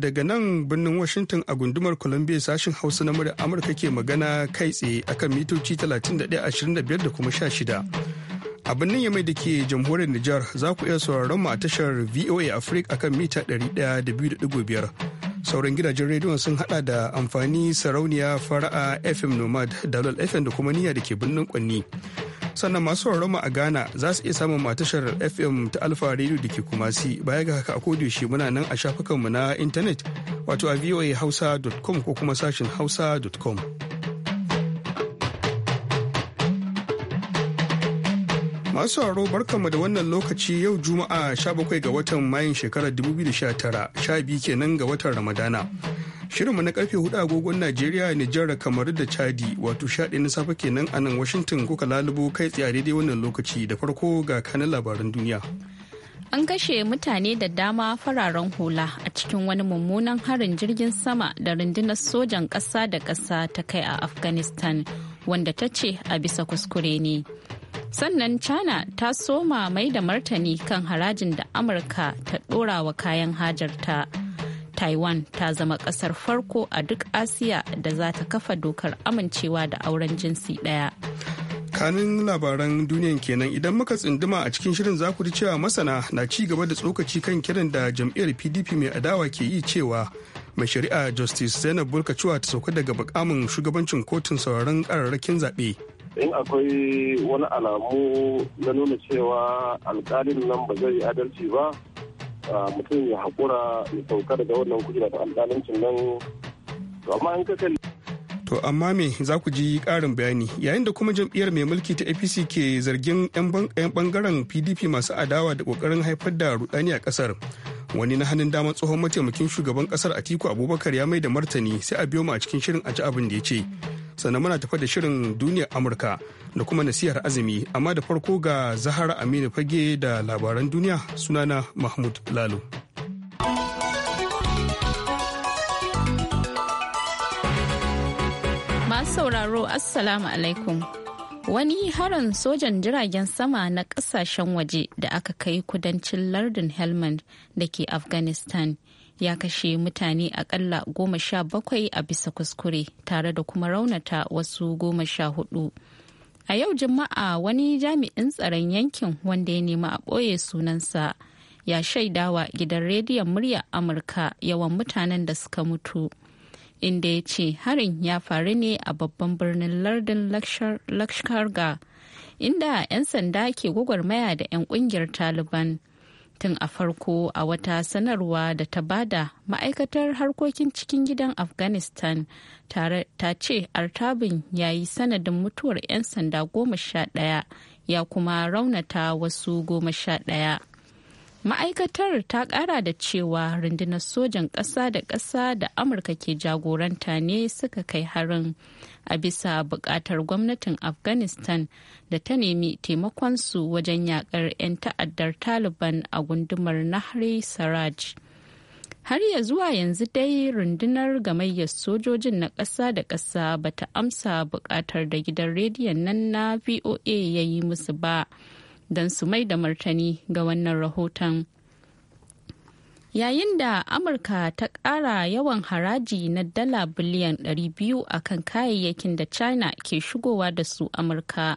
daga nan birnin Washington a gundumar Columbia sashin Hausa na murya Amurka ke magana kai tsaye akan mitoci 31.25 da kuma 16. A birnin Yamai da ke jamhuriyar Nijar za ku iya sauraron mu a tashar VOA Africa akan mita 102.5. Sauran gidajen rediyon sun hada da amfani sarauniya fara'a FM Nomad, Dalol FM da kuma niyya da ke birnin Kwanni. sannan masu mu a ghana za su iya samun matashar fm ta alfa radio da ke kumasi baya ga haka a kodiyoshe muna nan a shafukanmu na intanet wato a voahausa.com ko kuma sashin hausa.com masu haro barkanmu da wannan lokaci yau juma'a 17 ga watan mayun shekarar 2019 sha biyu kenan ga watan ramadana Shirinmu na karfe hudu agogon Najeriya, Nijar, kamar da Chadi wato shaɗi na safe kenan a nan Washington kuka lalubo kai tsaye daidai wannan lokaci da farko ga kanan labaran duniya. An kashe mutane da dama fararen hula a cikin wani mummunan harin jirgin sama da rundunar sojan ƙasa da ƙasa ta kai a Afghanistan wanda ta ce a bisa kuskure ne. sannan china ta soma mai da martani kan harajin da amurka ta ɗora wa kayan hajarta taiwan ta zama kasar farko a duk asiya da za ta kafa dokar amincewa da auren jinsi ɗaya. kanin labaran duniyan kenan idan muka tsinduma a cikin shirin za ku ji cewa masana na ci gaba da tsokaci kan kiran da jam'iyyar pdp mai adawa ke yi cewa mai shari'a justice zainab bulkacewa ta sauka daga bakamin shugabancin kotun sauraron kararrakin zaɓe in akwai wani alamu na nuna cewa alkalin nan ba zai adalci ba Ah, mutum ya haƙura ya sauka daga wannan kujera da alƙalancin nan to amma an To amma me za ku ji ƙarin bayani yayin da kuma jam'iyyar mai mulki ta APC ke zargin 'yan bangaren PDP masu adawa da ƙoƙarin haifar da rudani a ƙasar. Wani na hannun damar tsohon mataimakin shugaban ƙasar Atiku Abubakar ya mai da martani sai a biyo mu a cikin shirin a ji abin da ya ce. sannan muna tafa da shirin duniyar amurka da kuma nasihar azumi amma da farko ga zahara aminu fage da labaran duniya sunana mahmud lalo masu sauraro assalamu alaikum wani harin sojan jiragen sama na kasashen waje da aka kai kudancin lardin helmand da ke afghanistan ya kashe mutane akalla goma sha bakwai a bisa kuskure tare da kuma raunata wasu goma sha hudu. A yau Juma'a wani jami'in tsaron yankin wanda ya nemi a ɓoye sunansa ya shaidawa gidan rediyon murya Amurka yawan mutanen da suka mutu. Inda ya ce harin ya faru ne a babban birnin lardin Lakshkarga inda 'yan sanda ke gwagwarmaya da 'yan kungiyar Taliban. tun a farko a wata sanarwa da ta bada ma'aikatar harkokin cikin gidan afghanistan ta ce artabin ya yi sanadin mutuwar 'yan sanda goma sha ɗaya ya kuma raunata wasu goma sha ɗaya ma'aikatar ta kara da cewa rundunar sojan ƙasa da ƙasa da amurka ke jagoranta ne suka kai harin a bisa buƙatar gwamnatin afghanistan da ta nemi taimakonsu wajen yakar 'yan ta'addar taliban a gundumar nahri saraj har ya zuwa yanzu dai rundunar gamayyar sojojin na ƙasa da ƙasa ta amsa buƙatar da gidan rediyon nan na voa ya yi musu ba. don su mai da martani ga wannan rahoton. Yayin da Amurka ta ƙara yawan haraji na dala biliyan 200 a kan kayayyakin da China ke shigowa da su Amurka.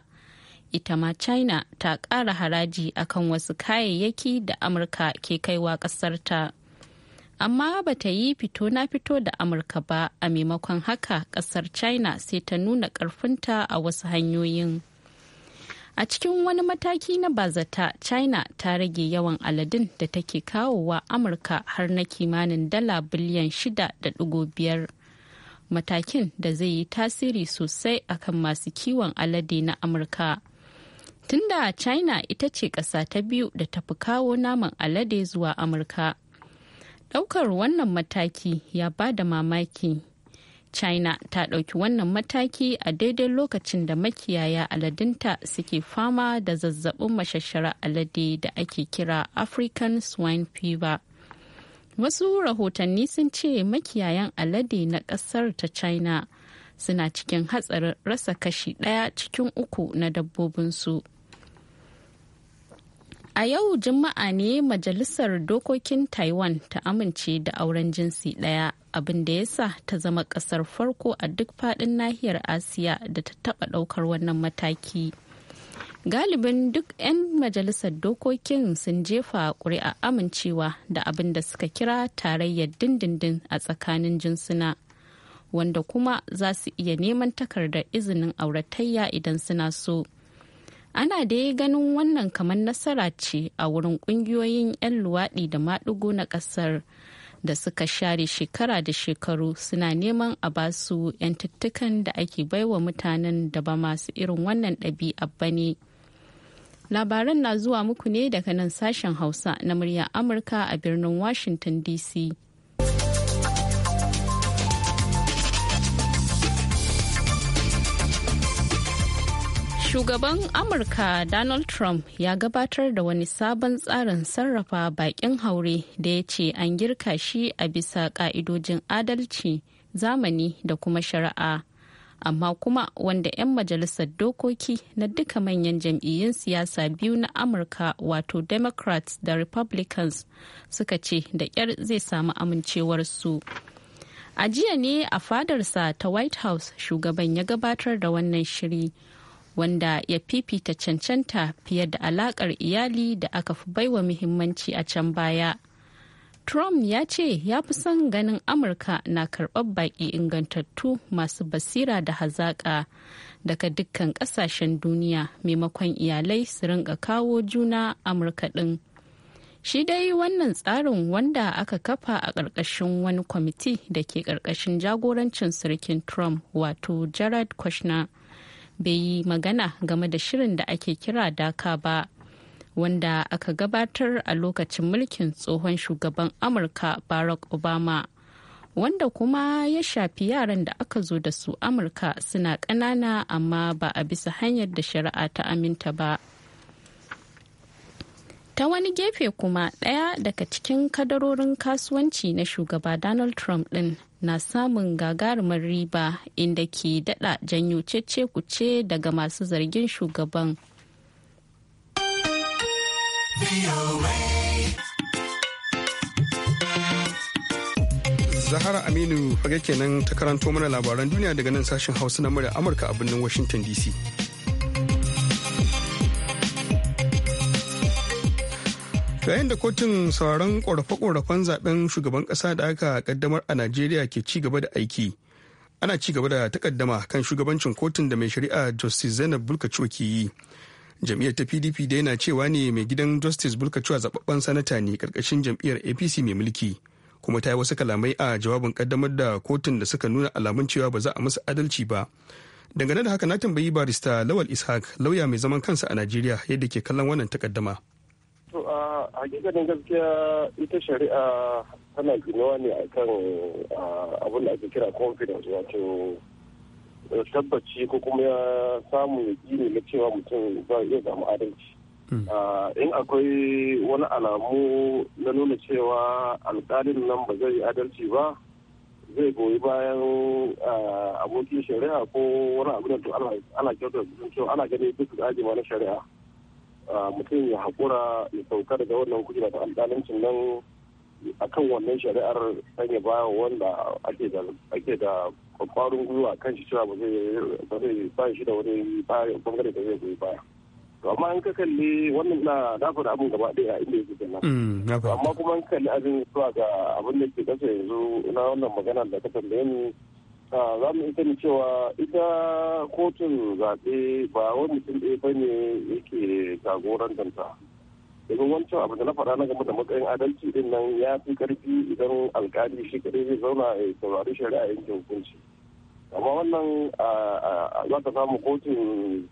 Ita ma China ta ƙara haraji a kan wasu kayayyaki da Amurka ke kaiwa ƙasarta. Amma ba ta yi fito na fito da Amurka ba, a maimakon haka ƙasar China sai ta nuna ƙarfinta a wasu hanyoyin. A cikin wani mataki na bazata, China ta rage yawan aladun da take kawowa Amurka har na kimanin dala biliyan shida da biyar Matakin da zai yi tasiri sosai akan masu kiwon alade na Amurka. Tunda China ita ce ƙasa ta biyu da ta fi kawo naman alade zuwa Amurka. Ɗaukar wannan mataki ya ba da mamaki china ta ɗauki wannan mataki a daidai lokacin da makiyaya aladunta suke fama da zazzabin mashashara alade da ake kira african swine fever wasu rahotanni sun ce makiyayan alade na ƙasar ta china suna cikin hatsarin rasa kashi ɗaya cikin uku na dabbobinsu a yau juma'a ne majalisar dokokin taiwan ta amince da auren jinsi ɗaya abin da ya sa ta zama kasar farko a duk fadin nahiyar asiya da ta taba daukar wannan mataki galibin duk 'yan majalisar dokokin sun jefa ƙuri'a amincewa da abin da suka kira tarayyar dindindin a tsakanin jinsuna wanda kuma za su iya neman takardar izinin auratayya idan suna so ana da ya ganin wannan kamar nasara ce a wurin ƙungiyoyin 'yan luwaɗi da maɗigo na ƙasar. da suka share shekara da shekaru suna neman a basu 'yantattukan da ake baiwa mutanen da ba masu irin wannan ɗabi'a ba ne. Labaran na zuwa muku ne daga nan sashen Hausa na murya Amurka a birnin Washington DC. Shugaban Amurka Donald Trump ya gabatar da wani sabon tsarin sarrafa bakin haure da ya ce an girka shi a bisa ka'idojin adalci, zamani da kuma shari'a. Amma kuma wanda 'yan majalisar dokoki na duka manyan jam'iyyun siyasa biyu na Amurka wato Democrats da Republicans suka ce da ƙyar zai samu amincewarsu. su. A jiya ne a fadarsa ta White House shugaban ya gabatar da wannan shiri wanda ya fifita cancanta fiye da alakar iyali da aka fi baiwa muhimmanci a can baya. Trump ya ce ya fi son ganin Amurka na karɓar baƙi ingantattu masu basira da hazaƙa daga dukkan ƙasashen duniya maimakon iyalai su rinka kawo juna Amurka ɗin. Shi dai wannan tsarin wanda aka kafa a ƙarƙashin wani kwamiti da ke ƙarƙashin jagorancin sarkin Trump wato Jared Kushner bai yi magana game da shirin da ake kira daka ba wanda aka gabatar a lokacin mulkin tsohon shugaban amurka barack obama wanda kuma ya shafi yaran da aka zo da su amurka suna ƙanana amma ba a bisa hanyar da shari'a ta aminta ba. ta wani gefe kuma ɗaya daga cikin kadarorin kasuwanci na shugaba donald trump ɗin na samun gagarumar riba inda ke daɗa janyo cece kuce daga masu zargin shugaban zahara aminu fage kenan ta karanto mana labaran duniya daga nan sashen hausa na murya amurka a birnin washington dc yayin da kotun sauraron ƙorafe-ƙorafen zaben shugaban ƙasa da aka kaddamar a najeriya ke ci gaba da aiki ana ci gaba da takaddama kan shugabancin kotun da mai shari'a justice zainab bulkacewa ke yi jam'iyyar ta pdp da yana cewa ne mai gidan justice bulkacewa zababben sanata ne karkashin jam'iyyar apc mai mulki kuma ta yi wasu kalamai a jawabin kaddamar da kotun da suka nuna alamun cewa ba za a musu adalci ba dangane da haka na tambayi barista lawal ishaq lauya mai zaman kansa a najeriya yadda ke kallon wannan takaddama To a hakikanin gaskiya ita shari'a tana ginuwa ne a kan abin da ake kira confidence wato tabbaci ko kuma ya samu ya ƙi na cewa mutum za a iya samu adalci. Hmm. In akwai wani alamu na nuna cewa alkalin nan ba zai yi adalci ba zai goyi bayan abokin shari'a ko wani abu da ana kyautar cewa ana gani duk da na shari'a. mutum ya haƙura ya sauka daga wannan kujera ta alƙalancin nan akan wannan shari'ar sanya ba wanda ake da kwarin gwiwa kan shi cewa ba zai ba shi da wani bangare da zai zai baya to amma an ka kalli wannan na dafa da abin gaba ɗaya inda yake kenan mm, amma kuma an kalli abin zuwa ga abin da ke kasa yanzu na wannan magana da ka tambaye ni Ah, za mu ita ne cewa ita kotun zaɓe ba wani mutum ɗaya ba ne yake jagorantanta daga wancan abu da na faɗa na game da matsayin adalci din nan ya fi ƙarfi idan alƙali shi kaɗai zai zauna a saurari shari'a yankin hukunci amma wannan za ta samu kotun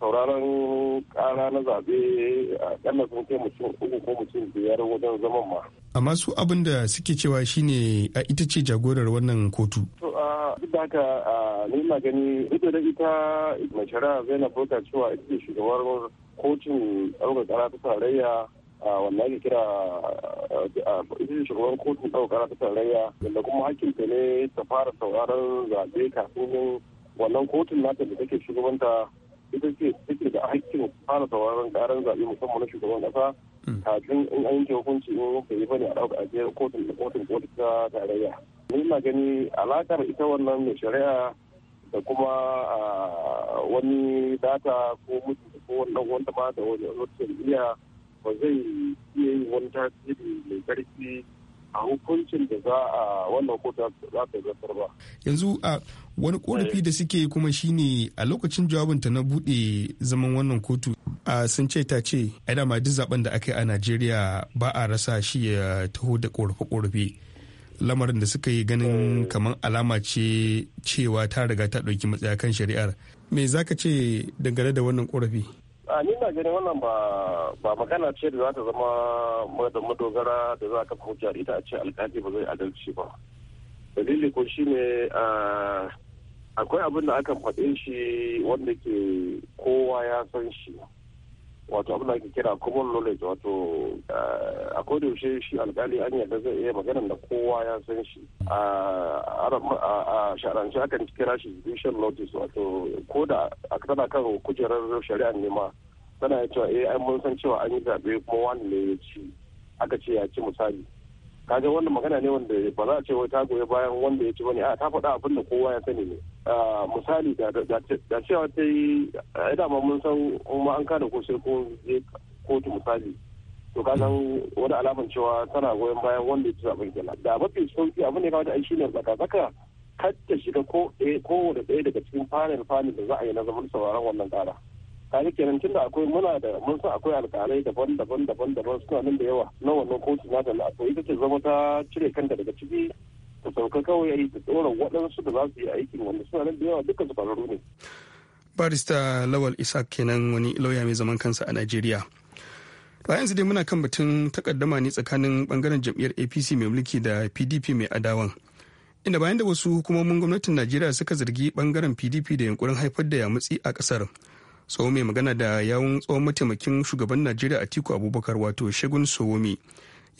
sauraron ƙara na zaɓe a ƙalla sun kai mutum uku ko mutum biyar wajen zaman ma. Amma su abin da suke cewa shine a ita ce jagorar wannan kotu. duk da haka ni na gani ita da ita mai shari'a na bota cewa ita ce shugabar kotun ɗaukar ƙara ta tarayya wanda ake kira ita ce shugabar kotun ɗaukar ƙara ta tarayya wanda kuma hakinta ne ta fara sauraron zaɓe kafin wannan kotun nata da take shugabanta ita ce take da hakkin fara sauraron ƙarar zaɓe musamman na shugaban ƙasa hmm. kafin in an yanke hukunci in ka yi bane a ɗaukar a kotun kotun kotun ta tarayya. ina gani alakar ita wannan mai shari'a da kuma wani data ko mutu ko wanda wanda ba da wani wancan iya ba zai iya yin wani tasiri mai karfi a hukuncin da za a wannan kotu za ta zartar ba. Yanzu a wani korafi da suke kuma shine a lokacin jawabinta na bude zaman wannan kotu a sun ce ta ce ai dama zaben da aka yi a Najeriya ba a rasa shi ya taho da korafe-korafe. lamarin da suka yi ganin kamar alama ce cewa ta riga ta ɗauki matsaya kan shari'ar me za ka ce dangane da wannan ƙorafi. a ni na ganin wannan ba magana ce da za ta zama da madogara da za ka hujja ita a ce alkali ba zai adalci ba dalili ko ne akwai abin da akan faɗe shi wanda ke kowa ya san shi wato abin da ake kira common knowledge wato eh, a kodin shi alkali an yadda zai iya magana da kowa ya san shi a sharanci akan kira shi judicial notice wato ko da a tana kan kujerar shari'a ne ma tana ya cewa eh mun san cewa an yi zaɓe kuma wani ne ya ci aka ce ya ci misali kaga wannan magana ne wanda ba za a ce wai ta goyi bayan wanda ya ci ne a ta faɗa abin da kowa ya sani ne Ah, misali da cewa ta yi eh, dama mun san kuma an kada ko sai ko je kotu misali to kasan wani alaman cewa tana goyon bayan wanda ya zaɓen kenan da mafi sauki abin da ya kamata a yi ne tsaka tsaka kacce shiga ko kowane ɗaya daga cikin fanil fanil da za a yi na zaman sauraron wannan ƙara kaji kenan tunda akwai muna da mun san akwai alƙalai daban-daban daban-daban suna nan da yawa na wannan kotu na da akwai ita ce zama ta cire kanta daga ciki ta sauka kawai yi ta tsoron waɗansu da za su yi aikin wanda suna nan da yawa duka su faru ne. barista lawal isa kenan wani lauya mai zaman kansa a najeriya yanzu dai muna kan batun takaddama ne tsakanin bangaren jam'iyyar apc mai mulki da pdp mai adawan inda bayan da wasu hukumomin gwamnatin najeriya suka zargi bangaren pdp da yankurin haifar da yamutsi a kasar tsohon mai magana da yawun tsawon mataimakin shugaban najeriya atiku abubakar wato shegun sowomi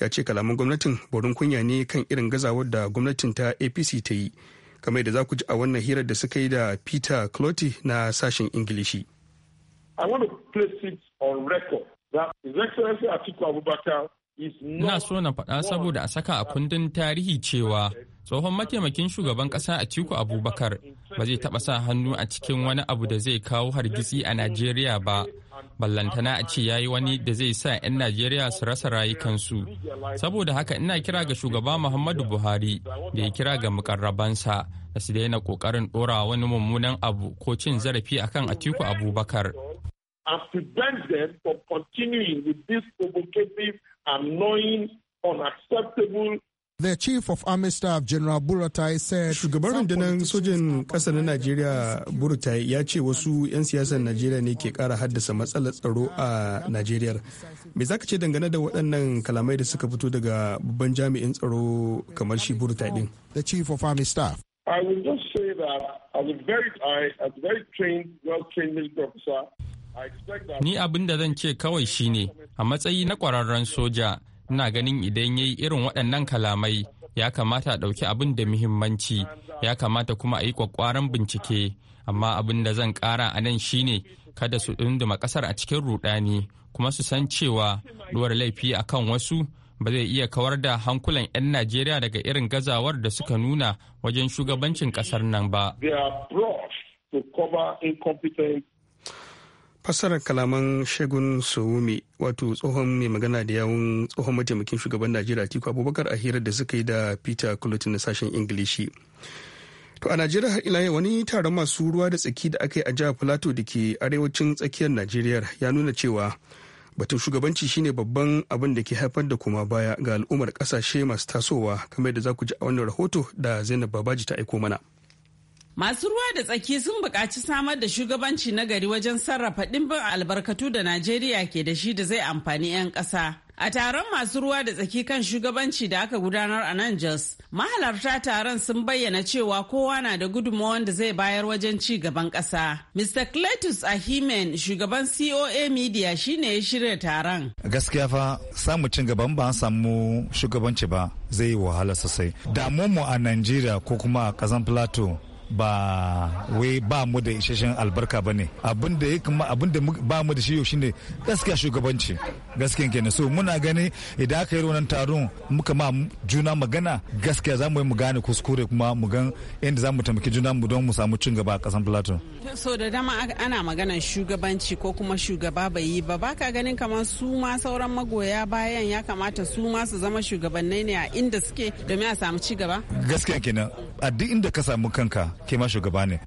ya ce kalaman gwamnatin borin kunya ne kan irin gazawar da gwamnatin ta apc ta yi kamar yadda za ku ji a wannan hirar da suka yi da peter clotty na sashen ingilishi Ina so na faɗa saboda a saka a kundin tarihi cewa tsohon mataimakin shugaban ƙasa a tiku Abubakar ba zai taɓa sa hannu a cikin wani abu da zai kawo hargitsi a Najeriya ba. ballantana a ce yi wani da zai sa 'yan najeriya su rasa rayukansu saboda haka ina kira ga shugaba muhammadu buhari da ya kira ga mukarrabansa da su daina kokarin dora wani mummunan abu ko cin zarafi akan atiku abubakar continuing with unacceptable The Chief of Army Staff General Buratai said Shugaban rundunar sojin ƙasa na Najeriya Buratai ya ce wasu 'yan siyasar Najeriya ne ke ƙara haddasa matsalar tsaro a Najeriya. Me za ka ce dangane da waɗannan kalamai da suka fito daga babban jami'in tsaro kamar shi Buratai din? The Chief of Army Staff. I will just say that as a very, I, as a very trained, well-trained military officer, Ni abin da zan ce kawai shine a matsayi na ƙwararren soja ina ganin idan ya yi irin waɗannan kalamai ya kamata a ɗauki abin da muhimmanci ya kamata kuma a yi kwakwaran bincike amma abin da zan ƙara a nan shine kada su dunduma ƙasar a cikin ruɗani kuma su san cewa ɗuwar laifi akan wasu ba zai iya kawar da hankulan 'yan Najeriya daga irin gazawar da suka nuna wajen shugabancin ƙasar nan ba. They are brought cover incompetent fassarar kalaman shagun Sowumi wato tsohon mai magana da yawun tsohon mataimakin shugaban najeriya tiko abubakar a hirar da suka yi da peter culleton na sashen ingilishi to a najeriya har ila wani taron masu ruwa da tsaki da aka yi a jihar plateau da ke arewacin tsakiyar najeriya ya nuna cewa batun shugabanci shine babban abin da ke haifar da kuma baya ga al'ummar kasashe masu tasowa kamar yadda za ku ji a wannan rahoto da zainab babaji ta aiko mana Masu ruwa da tsaki sun buƙaci samar da shugabanci na gari wajen sarrafa ɗimbin albarkatu da Najeriya ke da shi da zai amfani 'yan ƙasa. A taron masu ruwa da tsaki kan shugabanci da aka gudanar a nan Jos, mahalarta taron sun bayyana cewa kowa na da gudunmawar da zai bayar wajen ci gaban ƙasa. Mr. Cletus Ahimen, shugaban COA Media shine ya shirya taron. Gaskiya fa samu cin gaban ba samu shugabanci ba zai yi wahala sosai. Damuwa mu a Najeriya ko kuma a ƙasan Plateau ba wai ba mu da isasshen albarka ba ne abin da ya kuma abin da ba mu da shi yau shine gaskiya shugabanci gaskiya kenan so muna gani idan aka yi wannan taron muka ma juna magana gaskiya za mu yi mu gane kuskure kuma mu gan inda za mu taimaki juna mu don mu samu cin gaba a kasan plato so da dama ana maganar shugabanci ko kuma shugaba bai yi ba baka ganin kamar su ma sauran magoya bayan ya kamata su ma su zama shugabannai ne a inda suke domin a samu ci gaba gaskiya kenan a duk inda ka samu kanka ke ma shugaba ne.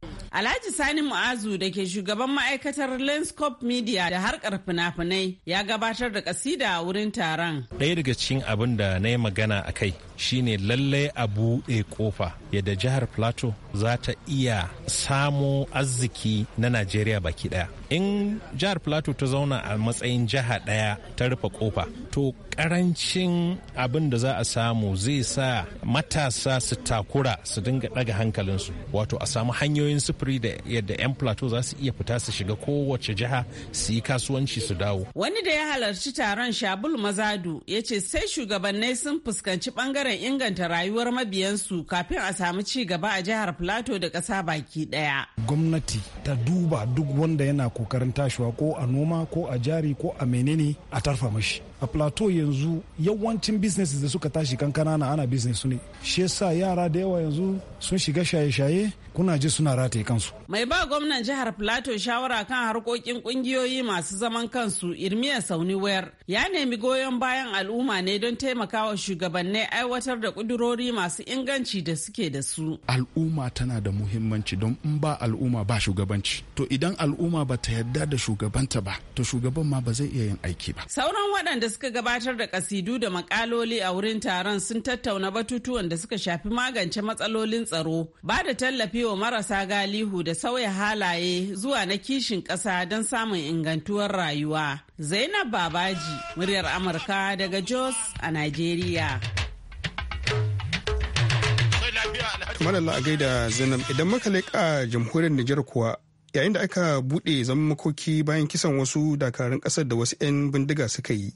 Alhaji Sani Mu'azu da ke shugaban ma'aikatar Lenscope Media da harkar fina-finai ya gabatar da kasida a wurin taron. Ɗaya daga cikin abin da na yi magana a kai shine lallai a buɗe kofa yadda jihar Plateau za ta iya samo arziki na Najeriya baki ɗaya. in jihar plateau ta zauna a matsayin jiha ɗaya ta rufe kofa to karancin abin da za a samu zai sa matasa su takura su dinga ɗaga hankalinsu wato a samu hanyoyin sufuri da yadda 'yan plateau za su iya fita su shiga kowace jiha su yi kasuwanci su dawo wani da ya halarci taron shabul mazadu ya ce sai shugabannai sun fuskanci bangaren inganta rayuwar mabiyansu kafin a samu ci gaba a jihar plateau da kasa baki ɗaya gwamnati ta duba duk wanda yana kokarin tashiwa ko a noma ko a jari ko a menene a tarfa mashi a plateau yanzu yawancin business da suka tashi kankana na ana business ne shi yasa yara da yawa yanzu sun shiga shaye-shaye kuna ji suna rataye kansu. Mai ba gwamnan jihar Plateau shawara kan harkokin kungiyoyi masu zaman kansu Irmiya Sauni Wayar ya nemi goyon bayan al'umma ne don taimakawa shugabannin aiwatar da kudurori masu inganci da suke da su. Al'umma tana da muhimmanci don in ba al'umma ba shugabanci. To idan al'umma ba ta yarda da shugabanta ba, to shugaban ma ba zai iya yin aiki ba. Sauran waɗanda suka gabatar da kasidu da makaloli a wurin taron sun tattauna batutuwan da suka shafi magance matsalolin tsaro, ba da tallafi kaucewa marasa galihu da sauya halaye zuwa na kishin ƙasa don samun ingantuwar rayuwa. Zainab Babaji, muryar Amurka daga Jos a Najeriya. Malala a gaida Zainab idan muka leƙa jamhuriyar Nijar kuwa yayin da aka buɗe zaman makoki bayan kisan wasu dakarun ƙasar da wasu 'yan bindiga suka yi.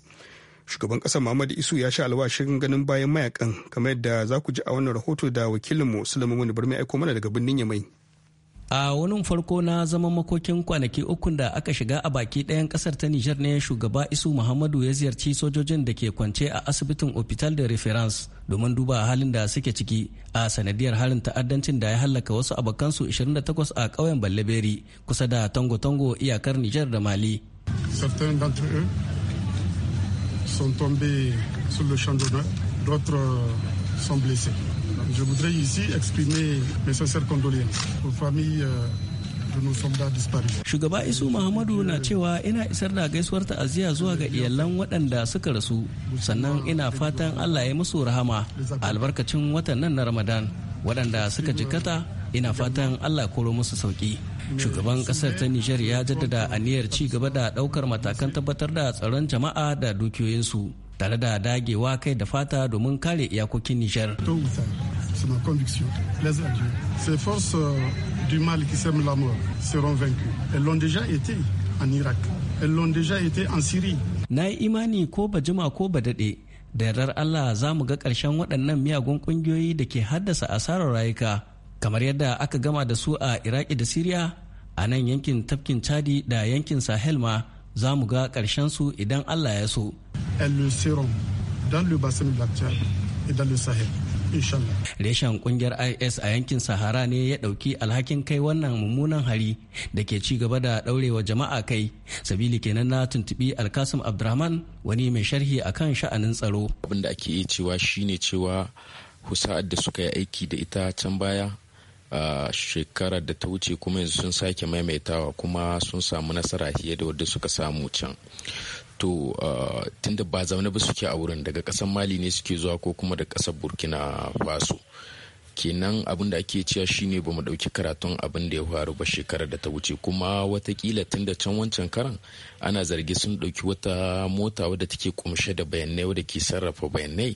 shugaban ƙasar muhammadu isu ya sha alwashin ganin bayan mayakan kamar yadda za ku ji a wannan rahoto da wakilinmu sulaiman wani barmi aiko mana daga birnin yamai a wani farko na zama makokin kwanaki ukun da aka shiga a baki ɗayan kasar ta nijar ne shugaba isu muhammadu ya ziyarci sojojin da ke kwance a asibitin hospital de reference domin duba halin da suke ciki a sanadiyar halin ta'addancin da ya hallaka wasu abokansu 28 a ƙauyen balleberi kusa da tango-tango iyakar nijar da mali sont tombés sur le champ d'honneur, d'autres sont blessés. Je voudrais ici exprimer mes sincères condoléances aux familles euh, Shugaba Isu Muhammadu na cewa ina isar da gaisuwar ta'aziyya zuwa ga iyalan waɗanda suka rasu sannan ina fatan Allah ya musu rahama albarkacin watan nan na Ramadan waɗanda suka jikata ina fatan allah koro musu sauki shugaban kasar ta nijar ya jaddada aniyar ci gaba da daukar matakan tabbatar da tsaron jama'a da dukiyoyinsu tare da dagewa kai da fata domin kare iyakokin nijar euh, Na yi imani ko ba jima ko ba daɗe, da yardar Allah za mu ga ƙarshen waɗannan miyagun ƙungiyoyi da ke haddasa asarar rayuka kamar yadda aka gama da su a iraki da siriya a nan yankin tafkin chadi da yankin sahel ma za mu ga karshensu su idan allah ya so reshen kungiyar is a yankin sahara ne ya dauki alhakin kai wannan mummunan hari da ke ci gaba da daurewa jama'a kai sabili kenan na tuntubi alkasim abdurrahman wani mai sharhi akan sha'anin tsaro abin ake iya cewa shine cewa husa'ad da suka yi aiki da ita can baya shekarar da ta wuce kuma yanzu sun sake maimaitawa kuma sun samu nasara fiye da wadda suka samu can to tunda ba zaune ba suke a wurin daga kasan mali ne suke zuwa ko kuma da kasar burkina faso kenan abin da ake cewa shine ba mu ɗauki karatun abin da ya faru ba shekarar da ta wuce kuma watakila tun da can wancan karan ana zargi sun ɗauki wata mota wadda take kumshe da bayanai wadda ke sarrafa bayanai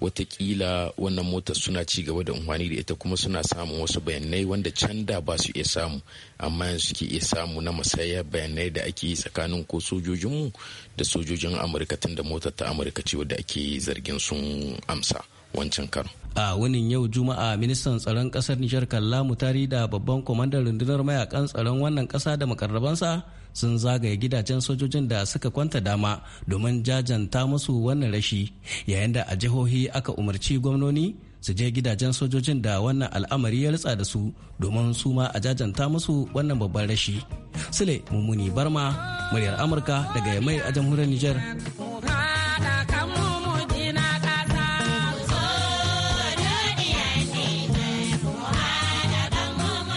watakila wannan motar suna ci gaba da umarni da ita kuma suna samun wasu bayanai wanda can da ba su iya samu amma yanzu suke iya samu na masaya bayanai da ake yi tsakanin ko sojojinmu da sojojin amurka tun da motar ta amurka ce wadda ake zargin sun amsa wancan karo a wani yau juma'a ministan tsaron kasar nijar kallamu tari da babban kwamandan rundunar mayakan tsaron wannan kasa da makarrabansa sun zagaye gidajen sojojin da suka kwanta dama domin jajanta musu wannan rashi yayin da a jihohi aka umarci gwamnoni su je gidajen sojojin da wannan al'amari ya ritsa da su domin su ma a jajanta musu wannan babban rashi sule mummuni barma muryar amurka daga mai a jamhuriyar niger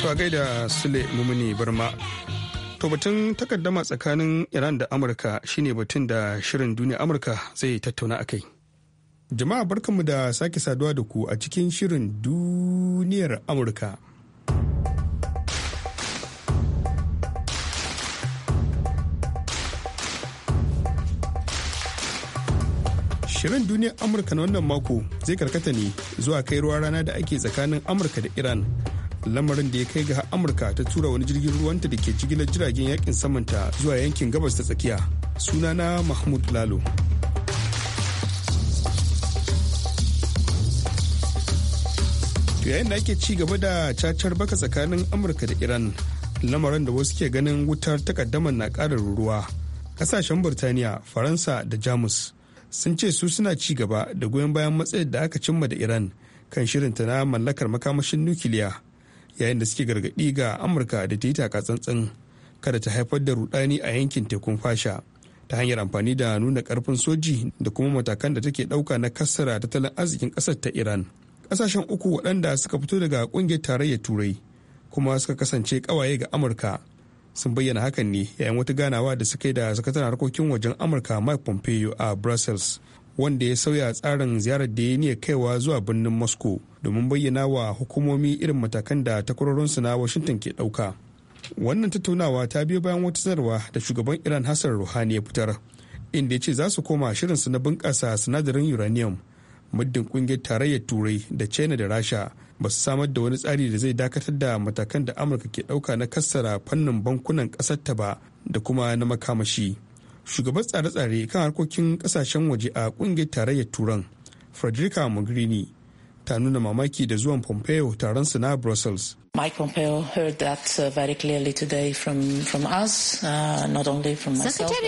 To gaida Sule Mumuni Barma To batun takaddama tsakanin Iran da Amurka shine batun da shirin duniya Amurka zai tattauna a kai. Jama'a barkanmu da sake saduwa da ku a cikin shirin duniyar Amurka. Shirin duniyar Amurka na wannan mako zai karkata ne zuwa kai ruwa rana da ake tsakanin Amurka da Iran lamarin da ya kai ga amurka ta tura wani jirgin ruwanta da ke jigilar jiragen yakin samanta zuwa yankin gabas ta tsakiya sunana mahmud lalo yayin da ake ci gaba da cacar baka tsakanin amurka da iran lamarin da wasu ke ganin wutar takaddamar na ƙara ruruwa kasashen burtaniya faransa da jamus sun ce su suna ci gaba da goyon bayan matsayin da aka cimma da iran kan shirinta na mallakar makamashin nukiliya yayin da suke gargaɗi ga amurka da ta yi takatsantsan kada ta haifar da rudani a yankin tekun fasha ta hanyar amfani da nuna karfin soji da kuma matakan da take ɗauka na kassara tattalin arzikin ƙasar ta iran ƙasashen uku waɗanda suka fito daga ƙungiyar tarayyar turai kuma suka kasance ƙawaye ga amurka sun bayyana hakan ne yayin wata ganawa da suka yi da sakataren harkokin wajen amurka mike pompeo a brussels wanda ya sauya tsarin ziyarar da ya niyyar kaiwa zuwa birnin moscow domin bayyana wa hukumomi irin matakan da takwarorinsu na washington ke ɗauka wannan tattaunawa ta biyo bayan wata sanarwa da shugaban iran hassan ruhani ya fitar inda ya ce za su koma shirinsu na bunƙasa sinadarin uranium muddin kungiyar tarayyar turai da china da rasha ba su samar da wani tsari da zai dakatar da matakan da amurka ke ɗauka na kassara fannin bankunan ƙasarta ba da kuma na makamashi shugaban tsare-tsare kan harkokin kasashen waje a kungiyar tarayyar turan frederica mogherini ta nuna mamaki da zuwan pompeo taron su na brussels Uh, uh, Sakatare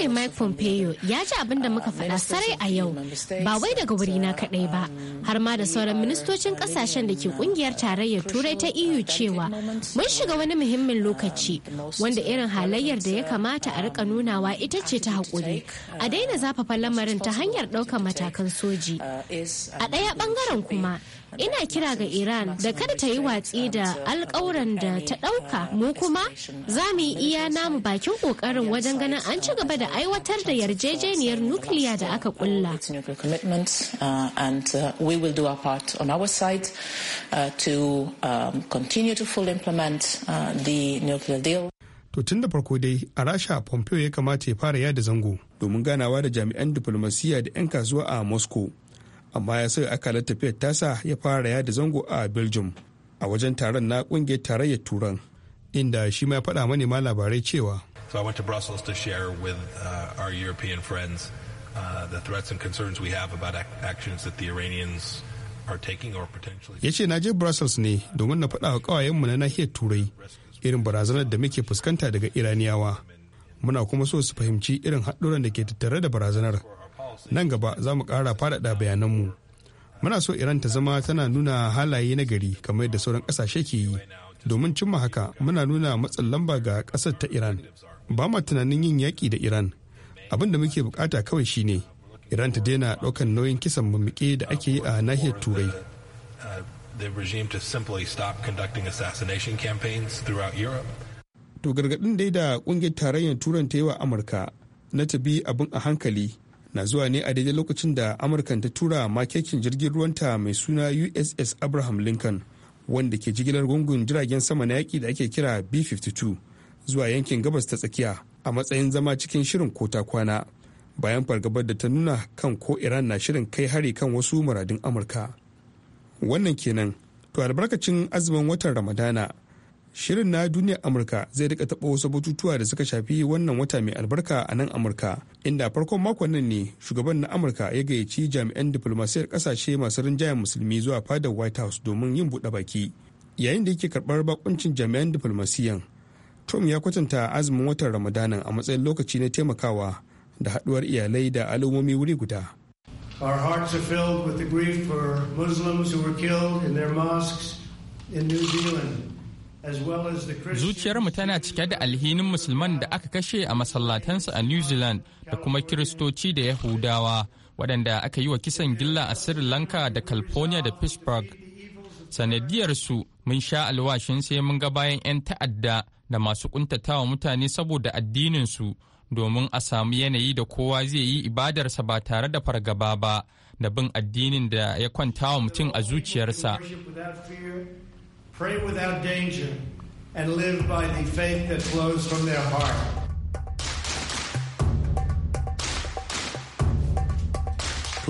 Mike Pompeo ya ji abin da muka faɗa sarai a yau, ba wai daga wuri na kaɗai ba, har ma da um, sauran uh, ministocin ƙasashen da ke um, ƙungiyar tarayyar Turai ta EU cewa mun shiga wani muhimmin lokaci um, wanda irin halayyar da ya kamata a rika nunawa ita ce ta haƙuri. A daina zafafa lamarin ta hanyar ɗaukar matakan soji. A ɗaya ɓangaren kuma, ina kira ga iran da kada ta yi watsi da alkawuran da ta ɗauka mu kuma za mu yi iya namu bakin ƙoƙarin wajen ganin an ci gaba da aiwatar da yarjejeniyar nukiliya da aka kulla. Uh, uh, uh, um, to tun da farko dai a Rasha Pompeo ya kamata ya fara yada zango domin ganawa da jami'an diflomasiyya da 'yan kasuwa a Moscow amma ya sai akalar tafiyar tasa ya fara yada zango a belgium a wajen taron na kungiyar tarayyar turan inda shi ma ya faɗa manema labarai cewa so i went share with uh, our european friends uh, concerns we have about actions that the iranians ya ce na je brussels ne domin na faɗa wa ƙawayenmu na nahiyar turai irin barazanar da muke fuskanta daga iraniyawa muna kuma so su fahimci irin haɗuran da ke tattare da barazanar nan gaba za mu ƙara faɗaɗa bayananmu muna so iran ta zama tana nuna halaye na gari kamar yadda sauran ƙasashe ke yi domin cimma haka muna nuna matsin lamba ga ƙasar ta iran ba ma tunanin yin yaƙi da iran abin da muke bukata kawai shine iran ta daina ɗaukan nauyin kisan mummuke da ake yi a nahiyar turai to gargaɗin dai da ƙungiyar tarayyar turan ta yi wa amurka na ta bi abin a hankali na zuwa ne a daidai lokacin da amurka ta tura makekin jirgin ruwanta mai suna uss abraham lincoln wanda ke jigilar gungun jiragen sama na yaƙi da ake kira b-52 zuwa yankin gabas ta tsakiya a matsayin zama cikin shirin kota kwana bayan fargabar da ta nuna kan ko iran na shirin kai hari kan wasu muradin amurka wannan kenan to albarkacin azumin watan ramadana Shirin na duniyar Amurka zai rika taɓa wasu batutuwa da suka shafi wannan wata mai albarka a nan Amurka, inda farkon makon nan ne shugaban na Amurka ya gayyaci jami'an diflomasiyar ƙasashe masu rinjayen musulmi zuwa fadar White House domin yin buɗe baki. Yayin da yake karɓar bakuncin jami'an diflomasiyan, Trump ya kwatanta azumin watan Ramadanan a matsayin lokaci na taimakawa da haɗuwar iyalai da al'ummomi wuri guda. Our hearts are filled with the grief for Muslims who were killed in their mosques in New Zealand. Zuciyarmu tana cike da alhinin musulman da aka kashe a masallatansu a New Zealand da kuma Kiristoci da Yahudawa waɗanda aka yi wa kisan gilla a Sri Lanka da California da Pittsburgh. Sanadiyarsu mun sha alwashin sai mun ga bayan 'yan ta'adda da masu ƙuntatawa mutane saboda addininsu domin a samu yanayi da kowa zai yi ibadarsa ba tare da fargaba ba da bin addinin da ya kwanta wa mutum a zuciyarsa. pray without danger, and live by the faith that flows from their heart.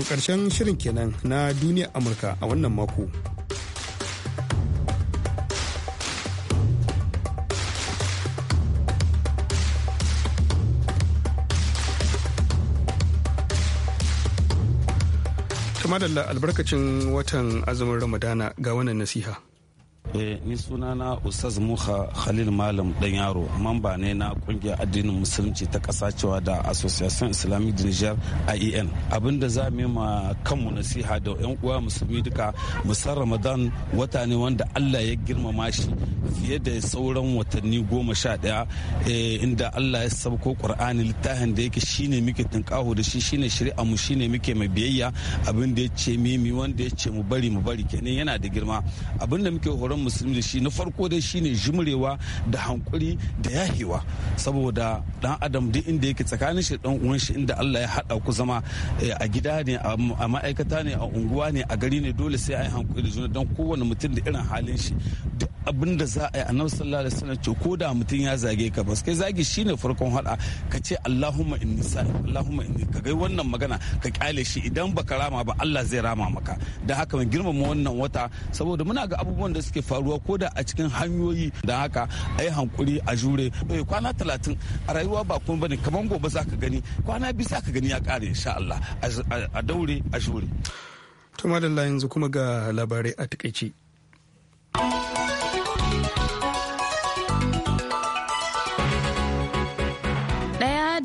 To ƙarshen shirin kenan na duniyar Amurka a wannan mako. madalla albarkacin watan azumin ramadana ga wannan nasiha Eh, ni sunana usas Muha Khalil Malam dan yaro mamba ne na kungiyar addinin musulunci ta kasa cewa da Association Islamic de Niger IEN. Abinda za mu ma kanmu nasiha da yan uwa musulmi duka musar Ramadan wata ne wanda Allah ya girmama shi fiye da sauran watanni goma sha ɗaya eh, inda Allah ya sabko ƙur'ani littafin da yake shine muke tunƙaho da shi shine shari'a mu shine muke mai biyayya abin da ya ce mimi wanda ya ce mu bari mu bari kenan yana da girma abin da muke horon musulmi da shi na farko dai shine jimrewa da hankuri da yahewa saboda dan adam duk inda yake tsakanin shi dan uwan shi inda Allah ya hada ku zama eh, a gida ne a ma'aikata ne a unguwa ne a gari ne dole sai a yi hankuri da dan kowane mutum da irin halin shi duk abin da za a yi annabi sallallahu alaihi wasallam ce ko da mutum ya zage ka ba zage zagi shine farkon hada ka ce Allahumma inni sa'i Allahumma inni ka gai wannan magana ka kyale shi idan baka rama ba Allah zai rama maka da haka mun girmama wannan wata saboda muna ga abubuwan da suke faruwa ko da a cikin hanyoyi da haka a yi hankuri a jure eh, kwana talatin a rayuwa ba kuma bane kamar gobe za ka gani kwana biyu za ka gani ya kare insha Allah a daure a jure. to madalla yanzu kuma ga labarai a takaice.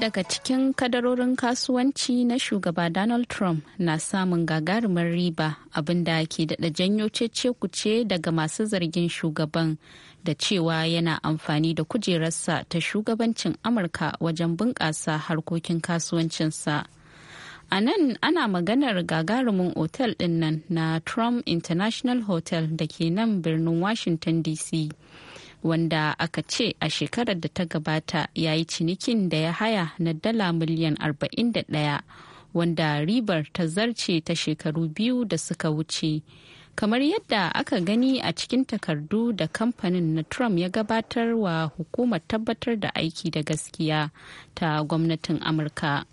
daga cikin kadarorin kasuwanci na shugaba Donald Trump na samun gagarumin riba abinda ke daɗa janyo cece-kuce daga masu zargin shugaban da cewa yana amfani da kujerarsa ta shugabancin Amurka wajen bunƙasa harkokin kasuwancinsa. A nan ana maganar gagarumin otel ɗin nan na Trump International Hotel da ke nan birnin Washington DC. wanda aka ce a shekarar da ta gabata ya yi cinikin da ya haya na dala miliyan 41 wanda ribar ta zarce ta shekaru biyu da suka wuce kamar yadda aka gani a cikin takardu da kamfanin na trump ya gabatar wa hukumar tabbatar da aiki da gaskiya ta gwamnatin amurka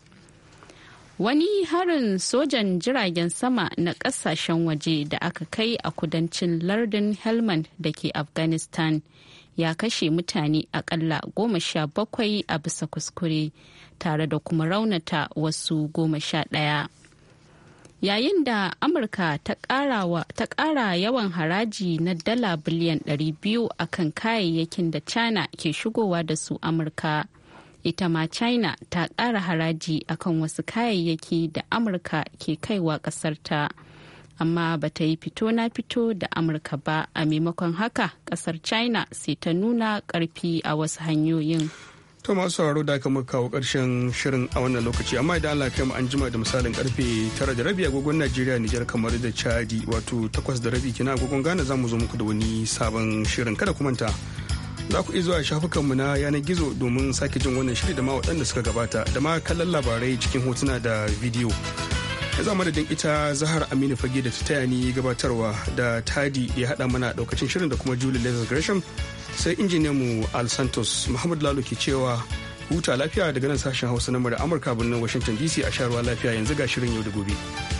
wani harin sojan jiragen sama na kasashen waje da aka kai a kudancin lardin helmand da ke afghanistan ya kashe mutane akalla goma sha bakwai a bisa kuskure tare da kuma raunata wasu goma sha ɗaya. yayin da amurka ta ƙara yawan haraji na dala biliyan 200 a kan kayayyakin da china ke shigowa da su amurka ita ma china ta ƙara haraji akan wasu kayayyaki da amurka ke kaiwa ƙasarta. ta amma ba ta yi fito na fito da amurka ba a maimakon haka kasar china sai ta nuna karfi a wasu hanyoyin to masu sauraro da aka muka kawo karshen shirin a wannan lokaci amma idan Allah kai mu an jima da misalin karfe tara da rabi agogon Najeriya Nijar kamar da Chadi wato takwas da rabi kina agogon Ghana mu zo muku da wani sabon shirin kada ku manta za ku iya zuwa shafukanmu na yanar gizo domin sake jin wannan shiri da ma waɗanda suka gabata da ma kallon labarai cikin hotuna da bidiyo. ya zama madadin ita zahar aminu fage da ta taya ni gabatarwa da tadi ya hada mana daukacin shirin da kuma julie lezard gresham sai mu al santos muhammad lalo ke cewa huta lafiya daga nan sashen hausa na amurka birnin washington dc a sharuwa lafiya yanzu ga shirin yau da gobe.